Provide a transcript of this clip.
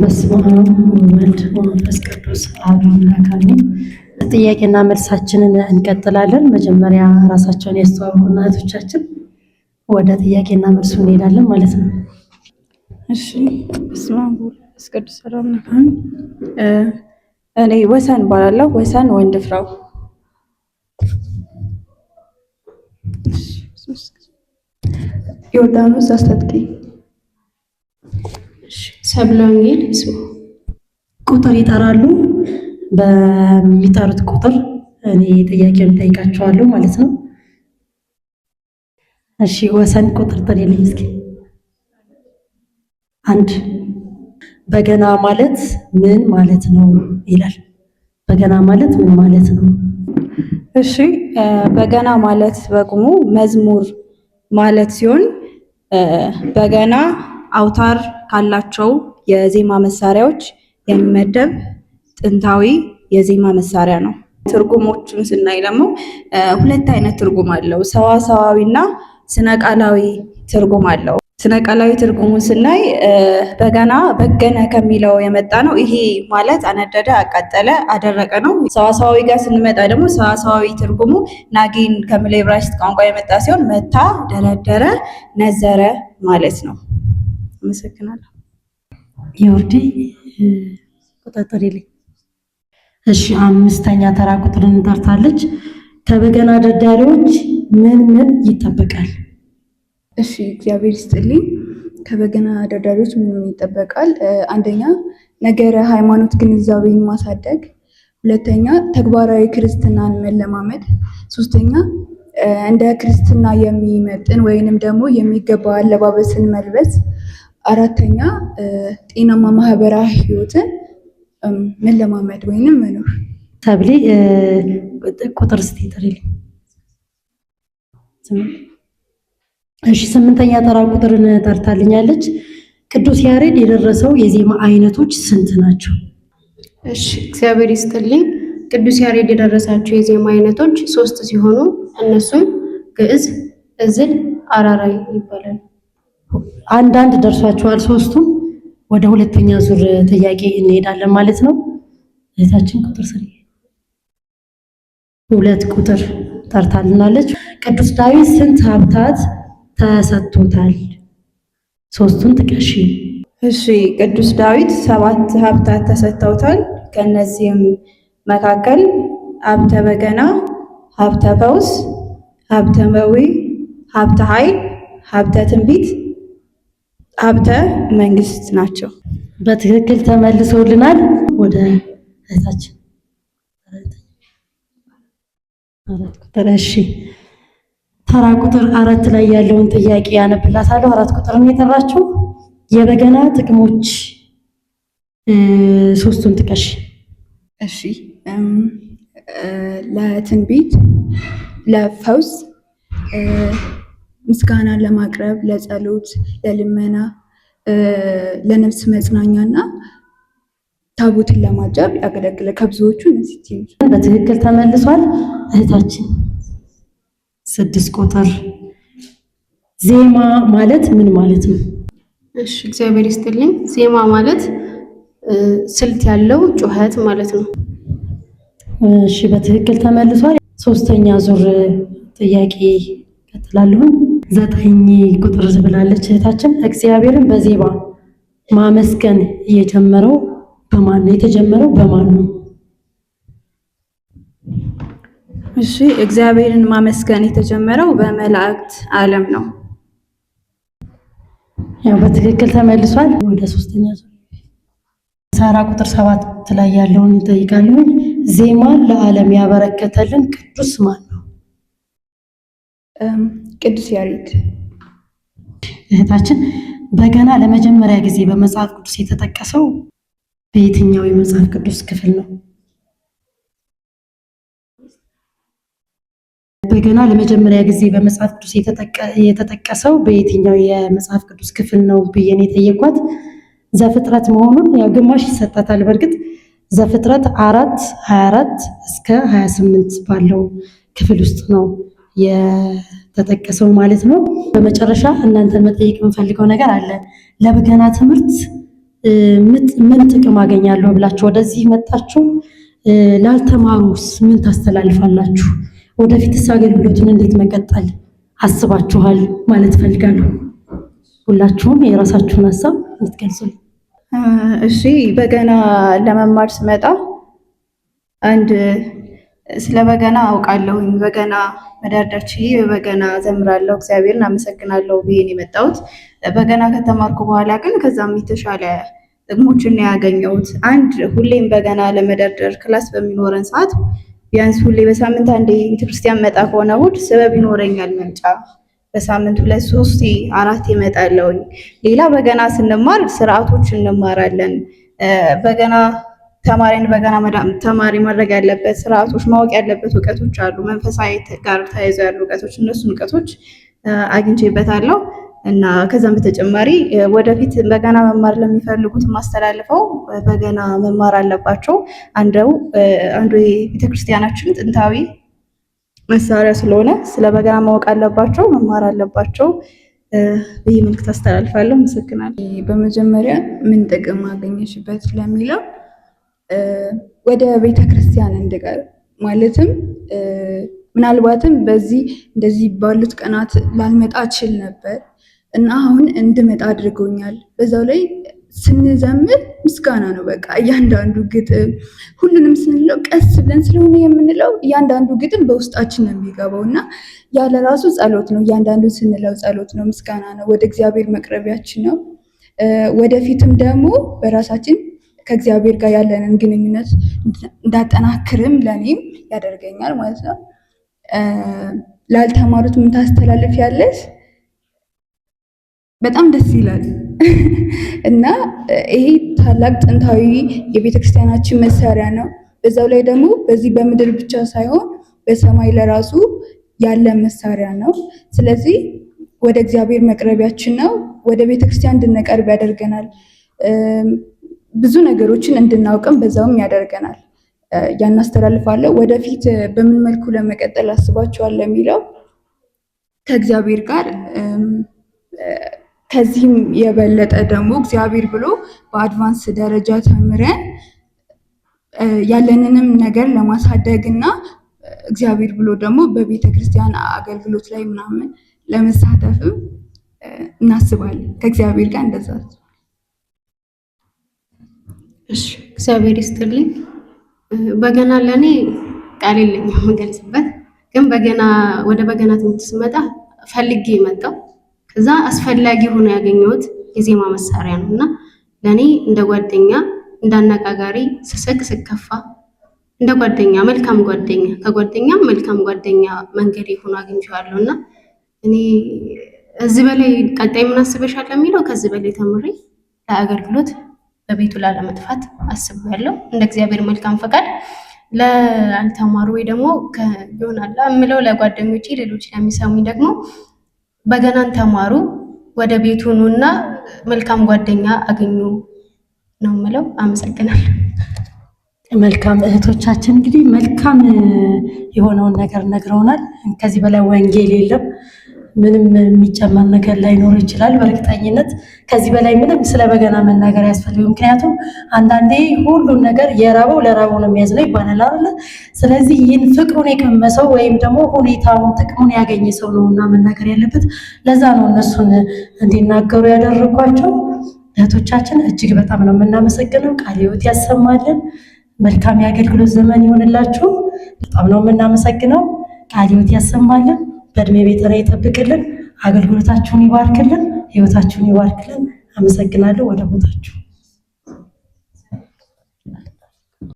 በስመ አብ ወወልድ ወመንፈስ ቅዱስ አሐዱ አምላክ አሜን። ጥያቄና መልሳችንን እንቀጥላለን። መጀመሪያ ራሳቸውን ያስተዋውቁና እህቶቻችን ወደ ጥያቄና መልሱ እንሄዳለን ማለት ነው። እሺ፣ በስመ አብ ወወልድ ወመንፈስ ቅዱስ አሐዱ አምላክ አሜን። እኔ ወሰን እባላለሁ። ወሰን ወንድ ፍራው ዮርዳኖስ አስታጥቂ ሰብለ ወንጌል ቁጥር ይጠራሉ። በሚጠሩት ቁጥር እኔ ጥያቄውን እጠይቃቸዋለሁ ማለት ነው። እሺ ወሰን ቁጥር ጥሪልኝ እስኪ። አንድ በገና ማለት ምን ማለት ነው ይላል። በገና ማለት ምን ማለት ነው? እሺ በገና ማለት በቁሙ መዝሙር ማለት ሲሆን በገና አውታር ካላቸው የዜማ መሳሪያዎች የሚመደብ ጥንታዊ የዜማ መሳሪያ ነው። ትርጉሞቹን ስናይ ደግሞ ሁለት አይነት ትርጉም አለው። ሰዋሰዋዊ ስነ ስነቃላዊ ትርጉም አለው። ስነቃላዊ ትርጉሙ ትርጉሙን ስናይ በገና በገነ ከሚለው የመጣ ነው። ይሄ ማለት አነደደ፣ አቃጠለ፣ አደረቀ ነው። ሰዋሰዋዊ ጋር ስንመጣ ደግሞ ሰዋሰዋዊ ትርጉሙ ናጊን ከሚለው የዕብራይስጥ ቋንቋ የመጣ ሲሆን መታ፣ ደረደረ፣ ነዘረ ማለት ነው። አመሰግናለሁ። የወርዲ ቁጥጥር ይለኝ። እሺ አምስተኛ ተራ ቁጥር እንጠርታለች። ከበገና ደርዳሪዎች ምን ምን ይጠበቃል? እሺ እግዚአብሔር ይስጥልኝ። ከበገና ደርዳሪዎች ምን ምን ይጠበቃል? አንደኛ ነገረ ሃይማኖት ግንዛቤን ማሳደግ፣ ሁለተኛ ተግባራዊ ክርስትናን መለማመድ፣ ሶስተኛ እንደ ክርስትና የሚመጥን ወይንም ደግሞ የሚገባ አለባበስን መልበስ አራተኛ ጤናማ ማህበራዊ ህይወትን መለማመድ ወይንም መኖር። ተብሌ ቁጥር ስቲ ጥሪልኝ። እሺ ስምንተኛ ተራ ቁጥርን ጠርታልኛለች። ቅዱስ ያሬድ የደረሰው የዜማ አይነቶች ስንት ናቸው? እሺ እግዚአብሔር ይስጥልኝ። ቅዱስ ያሬድ የደረሳቸው የዜማ አይነቶች ሶስት ሲሆኑ እነሱም ግዕዝ፣ እዝል፣ አራራይ ይባላል። አንዳንድ ደርሷቸዋል። ሶስቱም ወደ ሁለተኛ ዙር ጥያቄ እንሄዳለን ማለት ነው። እህታችን ቁጥር ስሪ ሁለት ቁጥር ጠርታልናለች። ቅዱስ ዳዊት ስንት ሀብታት ተሰጥቶታል? ሶስቱን ጥቀሺ። እሺ ቅዱስ ዳዊት ሰባት ሀብታት ተሰጥተውታል። ከእነዚህም መካከል ሀብተ በገና፣ ሀብተ ፈውስ፣ ሀብተ መዊ፣ ሀብተ ኃይል፣ ሀብተ ትንቢት ሀብተ መንግስት ናቸው። በትክክል ተመልሶልናል። ወደ እህታችን አራት ቁጥር እሺ፣ ተራ ቁጥር አራት ላይ ያለውን ጥያቄ ያነብላታለሁ። አራት ቁጥርን የጠራችው የበገና ጥቅሞች ሶስቱን ጥቀሽ። እሺ፣ ለትንቢት፣ ለፈውስ ምስጋና ለማቅረብ ለጸሎት፣ ለልመና፣ ለነፍስ መጽናኛ እና ታቦትን ለማጀብ ያገለግለ ከብዙዎቹ እነዚህ በትክክል ተመልሷል። እህታችን ስድስት ቁጥር ዜማ ማለት ምን ማለት ነው? እሺ እግዚአብሔር ይስጥልኝ። ዜማ ማለት ስልት ያለው ጩኸት ማለት ነው። እሺ በትክክል ተመልሷል። ሶስተኛ ዙር ጥያቄ ላለሁኝ ዘጠኝ ቁጥር ብላለች እህታችን። እግዚአብሔርን በዜማ ማመስገን የጀመረው በማን ነው? የተጀመረው በማን ነው? እሺ እግዚአብሔርን ማመስገን የተጀመረው በመላእክት ዓለም ነው። ያው በትክክል ተመልሷል። ወደ ሶስተኛ ሳራ ቁጥር ሰባት ላይ ያለውን ይጠይቃሉ። ዜማን ለዓለም ያበረከተልን ቅዱስ ማን ነው? ቅዱስ ያሬድ እህታችን በገና ለመጀመሪያ ጊዜ በመጽሐፍ ቅዱስ የተጠቀሰው በየትኛው የመጽሐፍ ቅዱስ ክፍል ነው? በገና ለመጀመሪያ ጊዜ በመጽሐፍ ቅዱስ የተጠቀሰው በየትኛው የመጽሐፍ ቅዱስ ክፍል ነው ብዬን የጠየኳት ዘፍጥረት መሆኑን ያው ግማሽ ይሰጣታል። በእርግጥ ዘፍጥረት አራት 24 እስከ 28 ባለው ክፍል ውስጥ ነው የተጠቀሰው ማለት ነው። በመጨረሻ እናንተን መጠየቅ የምፈልገው ነገር አለ። ለበገና ትምህርት ምን ጥቅም አገኛለሁ ብላችሁ ወደዚህ መጣችሁ ላልተማሩስ ምን ታስተላልፋላችሁ? ወደፊትስ አገልግሎቱን እንዴት መቀጠል አስባችኋል ማለት ፈልጋለሁ። ሁላችሁም የራሳችሁን ሀሳብ የምትገልጹልኝ። እሺ በገና ለመማር ስመጣ አንድ ስለ በገና አውቃለሁ በገና መደርደር ችዬ በበገና ዘምራለሁ፣ እግዚአብሔርን አመሰግናለሁ ብዬ የመጣውት የመጣሁት። በገና ከተማርኩ በኋላ ግን ከዛም የተሻለ ጥቅሞችን ያገኘሁት አንድ ሁሌም በገና ለመደርደር ክላስ በሚኖረን ሰዓት ቢያንስ ሁሌ በሳምንት አንዴ ቤተክርስቲያን መጣ ከሆነ እሑድ ስበብ ይኖረኛል መምጫ በሳምንት ሁለት ሶስት አራት ይመጣለውኝ። ሌላ በገና ስንማር ስርዓቶች እንማራለን በገና ተማሪን በገና ተማሪ ማድረግ ያለበት ስርዓቶች ማወቅ ያለበት እውቀቶች አሉ። መንፈሳዊ ጋር ተያይዘ ያሉ እውቀቶች እነሱን እውቀቶች አግኝቼበታለሁ እና ከዛም በተጨማሪ ወደፊት በገና መማር ለሚፈልጉት ማስተላልፈው በገና መማር አለባቸው። አንደው አንዱ የቤተክርስቲያናችን ጥንታዊ መሳሪያ ስለሆነ ስለ በገና ማወቅ አለባቸው፣ መማር አለባቸው ብዬ መልዕክት አስተላልፋለሁ። አመሰግናለሁ። በመጀመሪያ ምን ጥቅም አገኘሽበት ለሚለው ወደ ቤተ ክርስቲያን እንድቀርብ ማለትም ምናልባትም በዚህ እንደዚህ ባሉት ቀናት ላልመጣ እችል ነበር እና አሁን እንድመጣ አድርጎኛል። በዛው ላይ ስንዘምር ምስጋና ነው። በቃ እያንዳንዱ ግጥም ሁሉንም ስንለው ቀስ ብለን ስለሆነ የምንለው እያንዳንዱ ግጥም በውስጣችን ነው የሚገባው እና ያለ ራሱ ጸሎት ነው። እያንዳንዱ ስንለው ጸሎት ነው፣ ምስጋና ነው፣ ወደ እግዚአብሔር መቅረቢያችን ነው። ወደፊትም ደግሞ በራሳችን ከእግዚአብሔር ጋር ያለንን ግንኙነት እንዳጠናክርም ለእኔም ያደርገኛል ማለት ነው። ላልተማሩት ምን ታስተላልፍ ያለሽ በጣም ደስ ይላል እና ይሄ ታላቅ ጥንታዊ የቤተክርስቲያናችን መሳሪያ ነው። በዛው ላይ ደግሞ በዚህ በምድር ብቻ ሳይሆን በሰማይ ለራሱ ያለ መሳሪያ ነው። ስለዚህ ወደ እግዚአብሔር መቅረቢያችን ነው። ወደ ቤተክርስቲያን እንድንቀርብ ያደርገናል። ብዙ ነገሮችን እንድናውቅም በዛውም ያደርገናል። ያናስተላልፋለሁ። ወደፊት በምን መልኩ ለመቀጠል አስባችኋል የሚለው ከእግዚአብሔር ጋር ከዚህም የበለጠ ደግሞ እግዚአብሔር ብሎ በአድቫንስ ደረጃ ተምረን ያለንንም ነገር ለማሳደግ እና እግዚአብሔር ብሎ ደግሞ በቤተ ክርስቲያን አገልግሎት ላይ ምናምን ለመሳተፍም እናስባለን። ከእግዚአብሔር ጋር እንደዛ እግዚአብሔር ይስጥልኝ። በገና ለእኔ ቃል የለኝም የምገልጽበት፣ ግን በገና ወደ በገና ትምህርት ስመጣ ፈልጌ የመጣው ከዛ አስፈላጊ ሆኖ ያገኘሁት የዜማ መሳሪያ ነው እና ለእኔ እንደ ጓደኛ እንዳነጋጋሪ ስስቅ ስከፋ እንደ ጓደኛ መልካም ጓደኛ ከጓደኛም መልካም ጓደኛ መንገድ ሆኖ አግኝቼዋለሁ እና እኔ እዚህ በላይ ቀጣይ ምን አስበሻል ለሚለው ከዚህ በላይ ተምሬ ለአገልግሎት በቤቱ ላለመጥፋት ያለው እንደ እግዚአብሔር መልካም ፈቃድ ለአልተማሩ ወይ ደግሞ ይሆናል እምለው ለጓደኞቼ ሌሎች ለሚሰሙኝ ደግሞ በገናን ተማሩ፣ ወደ ቤቱ ኑና መልካም ጓደኛ አገኙ ነው የምለው። አመሰግናለሁ። መልካም እህቶቻችን እንግዲህ መልካም የሆነውን ነገር ነግረውናል። ከዚህ በላይ ወንጌል የለም። ምንም የሚጨመር ነገር ላይኖር ይችላል። በእርግጠኝነት ከዚህ በላይ ምንም ስለ በገና መናገር አያስፈልግም። ምክንያቱም አንዳንዴ ሁሉን ነገር የራበው ለራበው ነው የሚያዝነው ይባላል አለ። ስለዚህ ይህን ፍቅሩን የቀመሰው ወይም ደግሞ ሁኔታውን ጥቅሙን ያገኘ ሰው ነው እና መናገር ያለበት። ለዛ ነው እነሱን እንዲናገሩ ያደረጓቸው። እህቶቻችን እጅግ በጣም ነው የምናመሰግነው። ቃለ ሕይወት ያሰማልን። መልካም የአገልግሎት ዘመን ይሆንላችሁ። በጣም ነው የምናመሰግነው። ቃለ ሕይወት ያሰማልን። በእድሜ ላይ ይጠብቅልን፣ አገልግሎታችሁን ይባርክልን፣ ህይወታችሁን ይባርክልን። አመሰግናለሁ። ወደ ቦታችሁ